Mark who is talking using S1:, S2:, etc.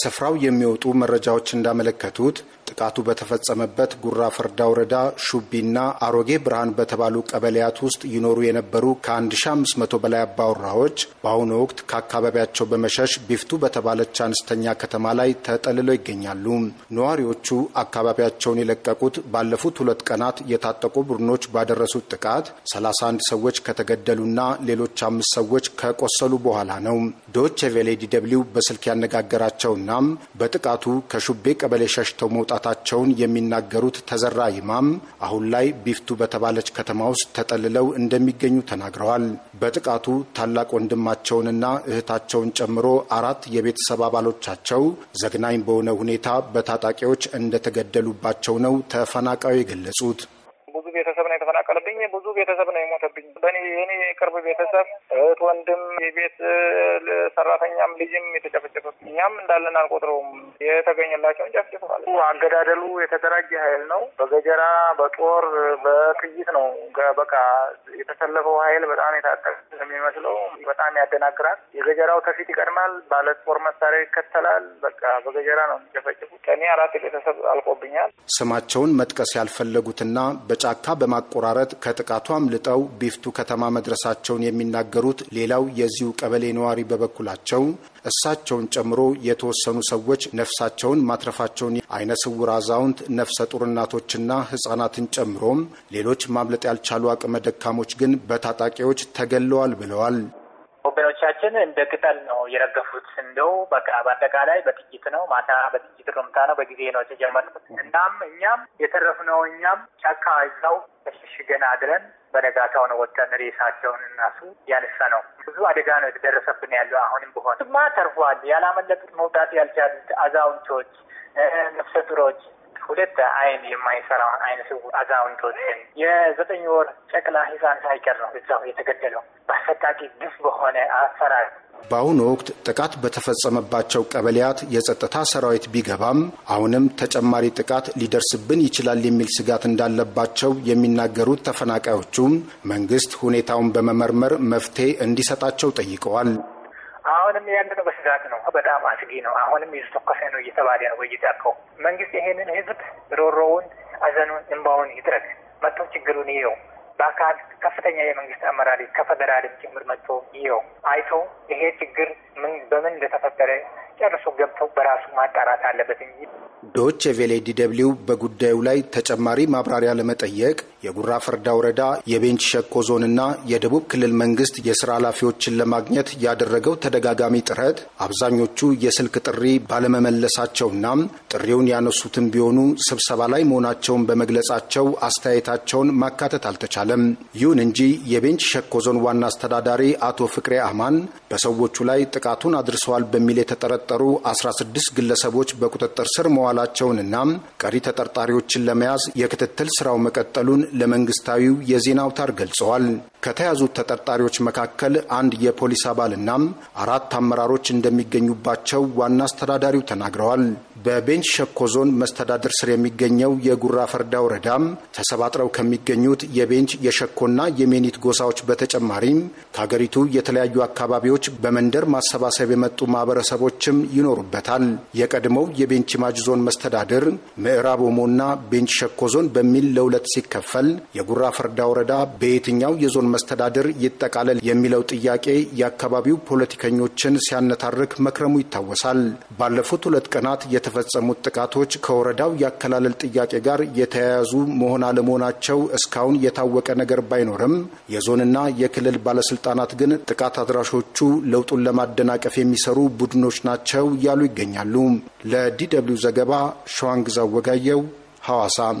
S1: ከስፍራው የሚወጡ መረጃዎች እንዳመለከቱት ጥቃቱ በተፈጸመበት ጉራ ፈርዳ ወረዳ ሹቢና አሮጌ ብርሃን በተባሉ ቀበሌያት ውስጥ ይኖሩ የነበሩ ከ1500 በላይ አባወራዎች በአሁኑ ወቅት ከአካባቢያቸው በመሸሽ ቢፍቱ በተባለች አነስተኛ ከተማ ላይ ተጠልለው ይገኛሉ። ነዋሪዎቹ አካባቢያቸውን የለቀቁት ባለፉት ሁለት ቀናት የታጠቁ ቡድኖች ባደረሱት ጥቃት 31 ሰዎች ከተገደሉና ሌሎች አምስት ሰዎች ከቆሰሉ በኋላ ነው። ዶች ቬሌ ዲ ደብልዩ በስልክ ያነጋገራቸውና በጥቃቱ ከሹቤ ቀበሌ ሸሽተው መውጣት መውጣታቸውን የሚናገሩት ተዘራ ይማም አሁን ላይ ቢፍቱ በተባለች ከተማ ውስጥ ተጠልለው እንደሚገኙ ተናግረዋል። በጥቃቱ ታላቅ ወንድማቸውንና እህታቸውን ጨምሮ አራት የቤተሰብ አባሎቻቸው ዘግናኝ በሆነ ሁኔታ በታጣቂዎች እንደተገደሉባቸው ነው ተፈናቃዩ የገለጹት። ብዙ ቤተሰብ ነው የተፈናቀለብኝ። ብዙ ቤተሰብ ነው
S2: በእኔ የኔ የቅርብ ቤተሰብ እህት፣ ወንድም፣ የቤት ሰራተኛም ልጅም የተጨፈጨፈ እኛም እንዳለን አልቆጥረውም። የተገኘላቸውን ጨፍጭፈዋል። አገዳደሉ የተደራጀ ኃይል ነው። በገጀራ በጦር በክይት ነው በቃ የተሰለፈው ኃይል በጣም የታጠቀ የሚመስለው በጣም ያደናግራል። የገጀራው ከፊት ይቀድማል። ባለ ጦር መሳሪያ ይከተላል። በቃ በገጀራ ነው የሚጨፈጭፉ። ከኔ አራት ቤተሰብ አልቆብኛል።
S1: ስማቸውን መጥቀስ ያልፈለጉትና በጫካ በማቆራረጥ ከጥቃቱ አምልጠው ቢፍቱ ከተማ መድረሳቸውን የሚናገሩት ሌላው የዚሁ ቀበሌ ነዋሪ በበኩላቸው እሳቸውን ጨምሮ የተወሰኑ ሰዎች ነፍሳቸውን ማትረፋቸውን አይነ ስውር አዛውንት፣ ነፍሰ ጡር እናቶችና ህጻናትን ጨምሮም ሌሎች ማምለጥ ያልቻሉ አቅመ ደካሞች ግን በታጣቂዎች ተገለዋል ብለዋል።
S2: ወገኖቻችን እንደ ቅጠል ነው የረገፉት። እንደው በቃ በአጠቃላይ በጥይት ነው ማታ በጥይት ርምታ ነው በጊዜ ነው የተጀመርኩት። እናም እኛም የተረፍነው እኛም ጫካ ይዛው ተሸሽገን አድረን በነጋታው ነው ወጥተን ሬሳቸውን እናሱ ያነሳ ነው። ብዙ አደጋ ነው የተደረሰብን ያለው። አሁንም በሆነ ማ ተርፏል። ያላመለጡት መውጣት ያልቻሉት አዛውንቶች፣ ነፍሰ ጡሮች ሁለት አይን የማይሰራውን አይነ ስውር አዛውንቶችን የዘጠኝ ወር ጨቅላ ህፃን ሳይቀር ነው እዛው የተገደለው በአሰቃቂ ግፍ በሆነ አሰራር።
S1: በአሁኑ ወቅት ጥቃት በተፈጸመባቸው ቀበሌያት የጸጥታ ሰራዊት ቢገባም አሁንም ተጨማሪ ጥቃት ሊደርስብን ይችላል የሚል ስጋት እንዳለባቸው የሚናገሩት ተፈናቃዮቹም መንግስት ሁኔታውን በመመርመር መፍትሄ እንዲሰጣቸው ጠይቀዋል።
S2: አሁንም ያለነው በስጋት ነው። በጣም አስጊ ነው። አሁንም እየተተኮሰ ነው እየተባለ ነው በየጫካው። መንግስት ይሄንን ህዝብ ሮሮውን፣ አዘኑን፣ እንባውን ይጥረግ። መጥቶ ችግሩን ይየው በአካል ከፍተኛ የመንግስት አመራሪ ከፌደራልም ጭምር መጥቶ ይየው አይቶ ይሄ ችግር ምን በምን እንደተፈጠረ ጨርሶ ገብተው በራሱ ማጣራት
S1: አለበት እንጂ ዶች ቬሌ ዲደብሊው በጉዳዩ ላይ ተጨማሪ ማብራሪያ ለመጠየቅ የጉራ ፈርዳ ወረዳ የቤንች ሸኮ ዞንና የደቡብ ክልል መንግስት የስራ ኃላፊዎችን ለማግኘት ያደረገው ተደጋጋሚ ጥረት አብዛኞቹ የስልክ ጥሪ ባለመመለሳቸውና ጥሪውን ያነሱትም ቢሆኑ ስብሰባ ላይ መሆናቸውን በመግለጻቸው አስተያየታቸውን ማካተት አልተቻለም። ይሁን እንጂ የቤንች ሸኮ ዞን ዋና አስተዳዳሪ አቶ ፍቅሬ አማን በሰዎቹ ላይ ጥቃቱን አድርሰዋል በሚል የተጠረጠ የተጠረጠሩ 16 ግለሰቦች በቁጥጥር ስር መዋላቸውንና ቀሪ ተጠርጣሪዎችን ለመያዝ የክትትል ስራው መቀጠሉን ለመንግስታዊው የዜና አውታር ገልጸዋል። ከተያዙት ተጠርጣሪዎች መካከል አንድ የፖሊስ አባልና አራት አመራሮች እንደሚገኙባቸው ዋና አስተዳዳሪው ተናግረዋል። በቤንች ሸኮ ዞን መስተዳድር ስር የሚገኘው የጉራ ፈርዳ ወረዳም ተሰባጥረው ከሚገኙት የቤንች የሸኮና የሜኒት ጎሳዎች በተጨማሪም ከሀገሪቱ የተለያዩ አካባቢዎች በመንደር ማሰባሰብ የመጡ ማህበረሰቦች ችግሮችም ይኖሩበታል። የቀድሞው የቤንች ማጅ ዞን መስተዳድር ምዕራብ ኦሞና ቤንች ሸኮ ዞን በሚል ለሁለት ሲከፈል የጉራ ፈርዳ ወረዳ በየትኛው የዞን መስተዳድር ይጠቃለል የሚለው ጥያቄ የአካባቢው ፖለቲከኞችን ሲያነታርክ መክረሙ ይታወሳል። ባለፉት ሁለት ቀናት የተፈጸሙት ጥቃቶች ከወረዳው ያከላለል ጥያቄ ጋር የተያያዙ መሆን አለመሆናቸው እስካሁን የታወቀ ነገር ባይኖርም የዞንና የክልል ባለስልጣናት ግን ጥቃት አድራሾቹ ለውጡን ለማደናቀፍ የሚሰሩ ቡድኖች ናቸው ናቸው እያሉ ይገኛሉ። ለዲ ደብልዩ ዘገባ ሸዋንግዛው ወጋየው ሐዋሳም